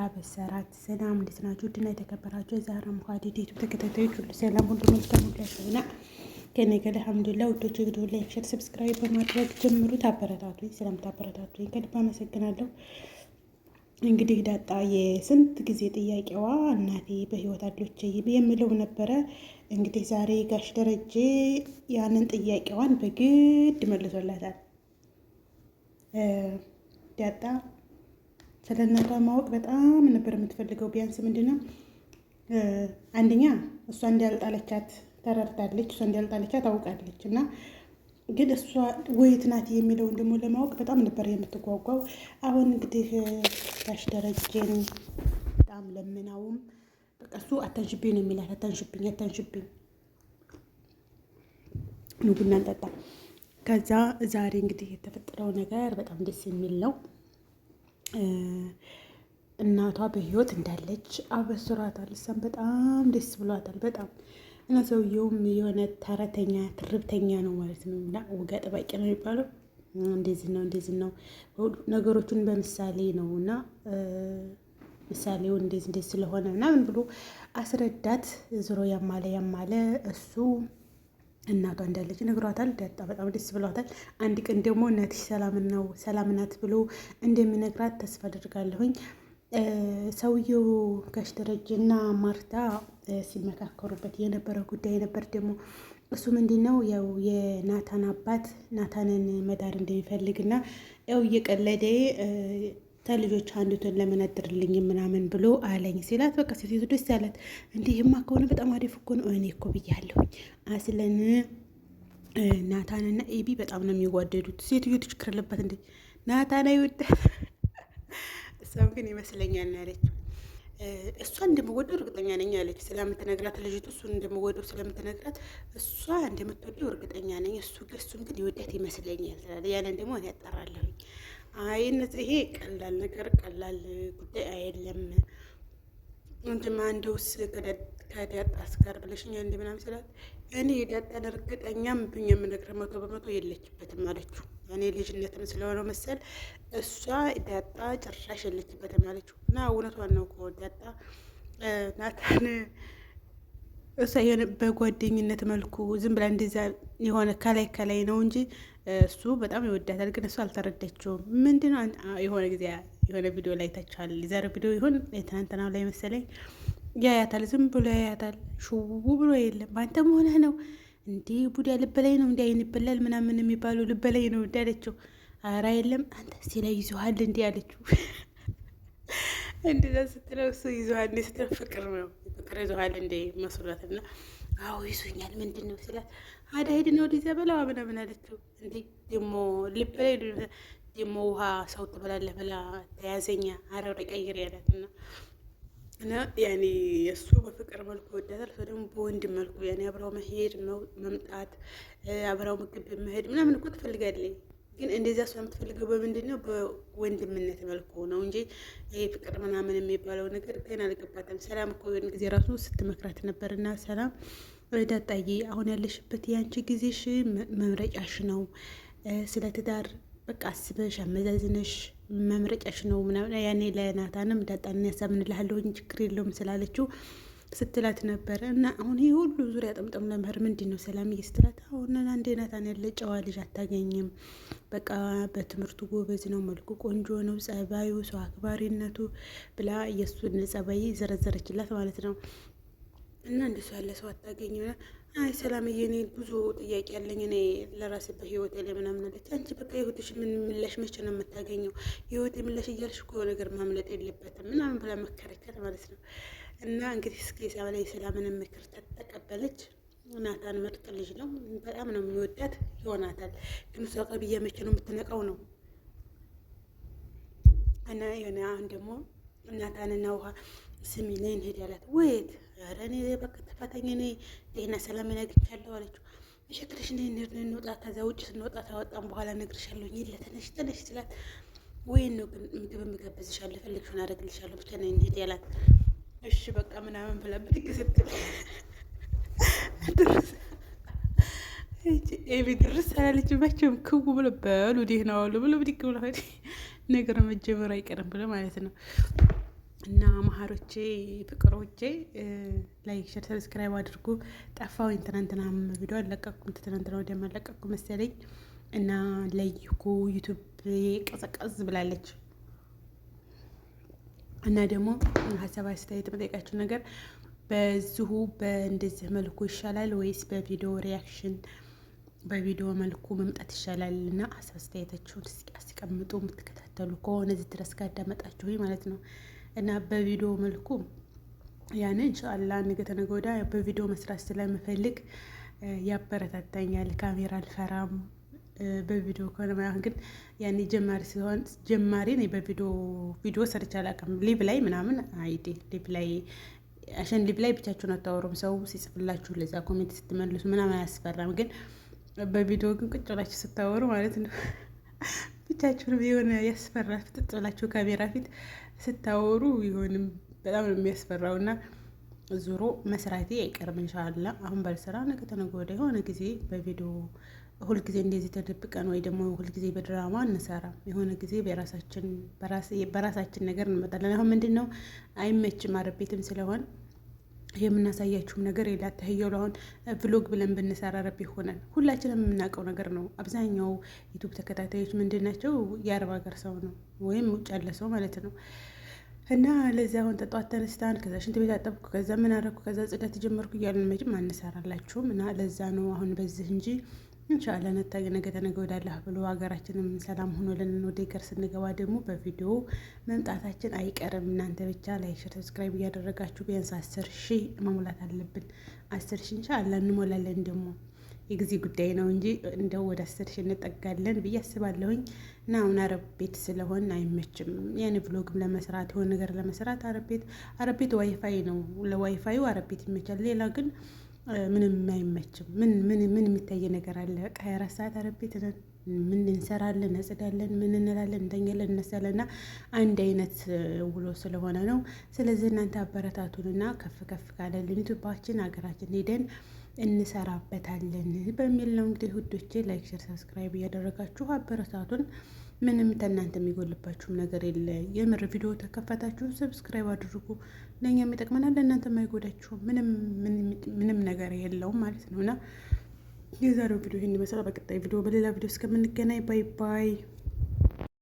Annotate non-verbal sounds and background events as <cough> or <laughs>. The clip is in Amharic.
አበሰራት ሰላም እንዴት ናችሁ? ውድና የተከበራችሁ የዛራ ሙካዲ ዴቱ ተከታታዮች ሁሉ ሰላም፣ ሁሉ መልካም፣ ሁሉ ያሸና ከኔ ጋር አልሐምዱሊላህ። ውዶች ግዶ ላይክ፣ ሸር፣ ሰብስክራይብ በማድረግ ጀምሩት። አበረታቱኝ። ስለምታበረታቱኝ ከልብ አመሰግናለሁ። እንግዲህ ዳጣ የስንት ጊዜ ጥያቄዋ እናቴ በህይወት አለች የምለው ነበረ። እንግዲህ ዛሬ ጋሽ ደረጀ ያንን ጥያቄዋን በግድ መልሶላታል ዳጣ ስለ እናቷ ማወቅ በጣም ነበር የምትፈልገው። ቢያንስ ምንድነው አንደኛ እሷ እንዲያልጣለቻት ተረድታለች፣ እሷ እንዲያልጣለቻት ታውቃለች። እና ግን እሷ ወይት ናት የሚለውን ደግሞ ለማወቅ በጣም ነበር የምትጓጓው። አሁን እንግዲህ ታሽ ደረጀን በጣም ለምናውም በቃ እሱ አታንሽብኝ ነው የሚላት። አታንሽብኝ፣ አታንሽብኝ ንጉና እንጠጣ። ከዛ ዛሬ እንግዲህ የተፈጠረው ነገር በጣም ደስ የሚል ነው። እናቷ በህይወት እንዳለች አበስሯታል። እሷም በጣም ደስ ብሏታል። በጣም እና ሰውየውም የሆነ ተረተኛ ትርብተኛ ነው ማለት ነው። እና ወግ አጥባቂ ነው የሚባለው እንደዚህ ነው፣ እንደዚህ ነው። ነገሮቹን በምሳሌ ነው እና ምሳሌው እንደዚህ እንደዚህ ስለሆነ ምናምን ብሎ አስረዳት። ዝሮ ያማለ ያማለ እሱ እናቷ እንዳለች ነግሯታል። ዳጣ በጣም ደስ ብሏታል። አንድ ቀን ደግሞ እናትሽ ሰላም ነው ሰላም ናት ብሎ እንደሚነግራት ተስፋ አድርጋለሁኝ። ሰውየው ጋሽ ደረጀ እና ማርታ ሲመካከሩበት የነበረ ጉዳይ ነበር። ደግሞ እሱ ምንድን ነው ያው የናታን አባት ናታንን መዳር እንደሚፈልግና ያው እየቀለደ ተልጆች አንዱትን ለመነጥርልኝ ምናምን ብሎ አለኝ ሲላት፣ በቃ ሴትቱ ደስ ያላት እንዲህ ይህማ ከሆነ በጣም አሪፍ እኮ ነው። እኔ እኮ ብያለሁኝ አስለን ናታንና ኤቢ በጣም ነው የሚዋደዱት። ሴትዮ ትችግር አለባት እንዴ ናታን አይወዳት እሷም ግን ይመስለኛል ያለችው እሷ እንደምወደው እርግጠኛ ነኝ አለች። ስለምትነግራት ልጅቱ እሱ እንደምወደው ስለምትነግራት እሷ እንደምትወደው እርግጠኛ ነኝ። እሱ እሱም ግን ይወዳት ይመስለኛል ስላለ ያንን ደግሞ እኔ ያጠራለሁኝ። አይ እነዚህ ይሄ ቀላል ነገር ቀላል ጉዳይ አይደለም። አንድ ውስ ከዳጣስ ጋር ብለሽኛ እንደ ስላት እኔ የዳጣን እርግጠኛም ብኝ የምነግረ መቶ በመቶ የለችበትም አለችው። እኔ ልጅነትም ስለሆነ መሰል እሷ ዳጣ ጭራሽ የለችበትም አለችው። እና እውነቷን ነው እኮ ዳጣ ናታን እሷ የሆነ በጓደኝነት መልኩ ዝም ብላ እንደዛ የሆነ ከላይ ከላይ ነው እንጂ እሱ በጣም ይወዳታል። ግን እሱ አልተረዳችውም። ምንድነው የሆነ ጊዜ የሆነ ቪዲዮ ላይ ታችኋል። የዛሬ ቪዲዮ ይሁን የትናንትናው ላይ መሰለኝ ያያታል፣ ዝም ብሎ ያያታል። ሽው ብሎ የለም አንተ መሆነህ ነው እንዲህ ቡዳ ልበላይ ነው እንዲ አይን ይበላል ምናምን የሚባለው ልበላይ ነው እንዲ አለችው። አራ የለም አንተ ሲላ ይዞሃል እንዲ አለችው። <laughs> እንደዛ ስትለው እሱ ይዞሃል ስትለው ፍቅር ነው ፍቅር ይዞሃል እንዲ መስሏት እና አዎ ይዞኛል ምንድን ነው ስላት አዳ ነው ሊዘ በላዋ ምናምን አለችው። እንዴ ደሞ ልበላይ ደሞ ውሃ ሰው ትበላለህ ብላ ተያዘኛ አረ ወደ ቀይር ያላት እና እና ያኔ እሱ በፍቅር መልኩ ይወዳታል። እሷ ደግሞ በወንድ መልኩ ያኔ አብረው መሄድ መምጣት፣ አብረው ምግብ መሄድ ምናምን እኮ ትፈልጋለች። ግን እንደዚያ እሷ የምትፈልገው በምንድን ነው? በወንድምነት መልኩ ነው እንጂ ይሄ ፍቅር ምናምን የሚባለው ነገር ግን አልገባትም። ሰላም እኮ የሆነ ጊዜ ራሱ ስትመክራት ነበርና ሰላም ዳጣዬ፣ አሁን ያለሽበት የአንቺ ጊዜሽ መምረጫሽ ነው። ስለ ትዳር በቃ አስበሽ አመዛዝነሽ መምረጫሽ ነው ምናምን ያኔ ለናታንም ዳጣን ያሳምንልሃለሁኝ ችግር የለውም ስላለችው ስትላት ነበረ እና አሁን ይህ ሁሉ ዙሪያ ጥምጥም ለምህር ምንድን ነው ሰላምዬ ስትላት፣ አሁን አንዴ ናታን ያለ ጨዋ ልጅ አታገኝም። በቃ በትምህርቱ ጎበዝ ነው፣ መልኩ ቆንጆ ነው፣ ጸባዩ፣ ሰው አክባሪነቱ ብላ የእሱን ጸባይ ዘረዘረችላት ማለት ነው። እና እንደሱ ያለ ሰው አታገኝም። አይ ሰላምዬ፣ እኔ ብዙ ጥያቄ ያለኝ እኔ ለራሴ በህይወት ላይ ምናምን አለች። አንቺ በቃ ህይወትሽ ምን ምላሽ መቼ ነው የምታገኘው? የህይወት ምላሽ እያልሽ እኮ ነገር ማምለጥ የለበትም ምናምን ብላ መከረከር ማለት ነው። እና እንግዲህ እስኪ ላይ ሰላምን ምክር ተቀበለች። ናታን ምርጥ ልጅ ነው፣ በጣም ነው የሚወዳት ይሆናታል። ግን እሷ ቀብዬ መቼ ነው የምትነቀው ነው እና የሆነ አሁን ደግሞ ናታንና ውሃ ስሚ ላይ እንሄድ ያላት ወይት ኧረ እኔ በቃ ተፈተኝ እኔ ጤና ሰላም ነግቻለሁ አለችው። መሸክርሽ ነ እንውጣ፣ ከዛ ውጭ ስንወጣ ታወጣም በኋላ ነግርሻለሁ። የለ ተነሽ ተነሽ ስላት ወይን ነው ግን ምግብ ምጋብዝሻለሁ፣ ፈለግሽውን አደርግልሻለሁ፣ ብቻ ነይ እንሄድ ያላት እሺ በቃ ምናምን ብላ ብድግ ስትል ኤቢ ድርስ አላለች። መቼም ክው ብሎ በሉ ዲህ ነው ብሎ ብድግ ብሎ ነገር መጀመር አይቀርም ብሎ ማለት ነው። እና መሀሮቼ ፍቅሮቼ ላይክ ሸር ሰብስክራይብ አድርጉ። ጠፋው ትናንትና ቪዲዮ አለቀኩም። ትናንትና ወደ አለቀኩ መሰለኝ። እና ለይኩ ዩቱብ ቀዘቀዝ ብላለች። እና ደግሞ ሀሳብ አስተያየት የምጠይቃችሁ ነገር በዚሁ በእንደዚህ መልኩ ይሻላል ወይስ በቪዲዮ ሪያክሽን በቪዲዮ መልኩ መምጣት ይሻላል? እና ሀሳብ አስተያየታችሁን አስቀምጡ። የምትከታተሉ ከሆነ እዚህ ድረስ ካዳመጣችሁ ማለት ነው እና በቪዲዮ መልኩ ያን እንሻላ ነገ ተነገ ወዲያ በቪዲዮ መስራት ስለምፈልግ ያበረታታኛል። ካሜራ አልፈራም በቪዲዮ ከሆነ ምናምን ግን ያኔ ጀማሪ ሲሆን ጀማሪ ነኝ። በቪዲዮ ቪዲዮ ሰርቼ አላውቅም። ሊቭ ላይ ምናምን አይዴ ሊቭ ላይ አሸን ሊቭ ላይ ብቻችሁን አታወሩም። ሰው ሲጽፍላችሁ ለዛ ኮሜንት ስትመልሱ ምናምን አያስፈራም። ግን በቪዲዮ ግን ቁጭ ብላችሁ ስታወሩ ማለት ነው ብቻችሁን የሆነ ያስፈራ ፍጥጥ ብላችሁ ካሜራ ፊት ስታወሩ ይሆንም በጣም ነው የሚያስፈራው እና ዙሮ መስራቴ አይቀርም እንሻላ። አሁን ባልሰራ ነገ ተነገ ወዲያ የሆነ ጊዜ በቪዲዮ ሁልጊዜ እንደዚህ ተደብቀን ወይ ደግሞ ሁልጊዜ በድራማ እንሰራ የሆነ ጊዜ በራሳችን ነገር እንመጣለን። አሁን ምንድን ነው አይመችም፣ አረብ ስለሆን የምናሳያችሁም ነገር ሌላ ተህየሉ አሁን ቭሎግ ብለን ብንሰራ ረብ ይሆናል። ሁላችንም የምናውቀው ነገር ነው። አብዛኛው ዩቱብ ተከታታዮች ምንድን ናቸው? የአረብ ሀገር ሰው ነው ወይም ውጭ ያለ ሰው ማለት ነው። እና ለዚ አሁን ተጠዋት ተነስታን ከዛ ሽንት ቤት አጠብኩ፣ ከዛ ምን አረኩ ከዛ ጽዳት ጀመርኩ እያለን መጭም አንሰራላችሁም። እና ለዛ ነው አሁን በዚህ እንጂ እንሻላ ነገ ተነገ ወዳላህ ብሎ ሀገራችንም ሰላም ሆኖ ሆኖልን ወደ ገር ስንገባ ደግሞ በቪዲዮ መምጣታችን አይቀርም። እናንተ ብቻ ላይክ፣ ሼር፣ ሰብስክራይብ እያደረጋችሁ ቢያንስ አስር ሺህ መሙላት አለብን። አስር ሺህ እንሻላ እንሞላለን። ደግሞ የጊዜ ጉዳይ ነው እንጂ እንደው ወደ አስር ሺህ እንጠጋለን ብዬ አስባለሁኝ። እና አሁን አረብ ቤት ስለሆን አይመችም። ያን ብሎግም ለመስራት የሆነ ነገር ለመስራት አረብ ቤት አረብ ቤት ዋይፋይ ነው። ለዋይፋዩ አረብ ቤት ይመቻል። ሌላ ግን ምንም አይመችም። ምን ምን ምን የሚታየ ነገር አለ? በቃ ሀያ አራት ሰዓት አረብ ነን። ምን እንሰራለን? እጽዳለን፣ ምን እንላለን፣ እንተኛለን፣ እነሳለን እና አንድ አይነት ውሎ ስለሆነ ነው። ስለዚህ እናንተ አበረታቱንና ከፍ ከፍ ካለልን ዩቱባችን ሀገራችን ሄደን እንሰራበታለን በሚል ነው እንግዲህ ውዶቼ ላይክ፣ ሸር፣ ሰብስክራይብ እያደረጋችሁ አበረታቱን። ምንም ተናንተ የሚጎልባችሁም ነገር የለ። የምር ቪዲዮ ተከፈታችሁ ሰብስክራይብ አድርጉ። ለእኛ የሚጠቅመናል ለእናንተ የማይጎዳችሁ ምንም ነገር የለውም ማለት ነው እና የዛሬው ቪዲዮ ይህን ይመስላል። በቀጣይ ቪዲዮ በሌላ ቪዲዮ እስከምንገናኝ ባይ ባይ።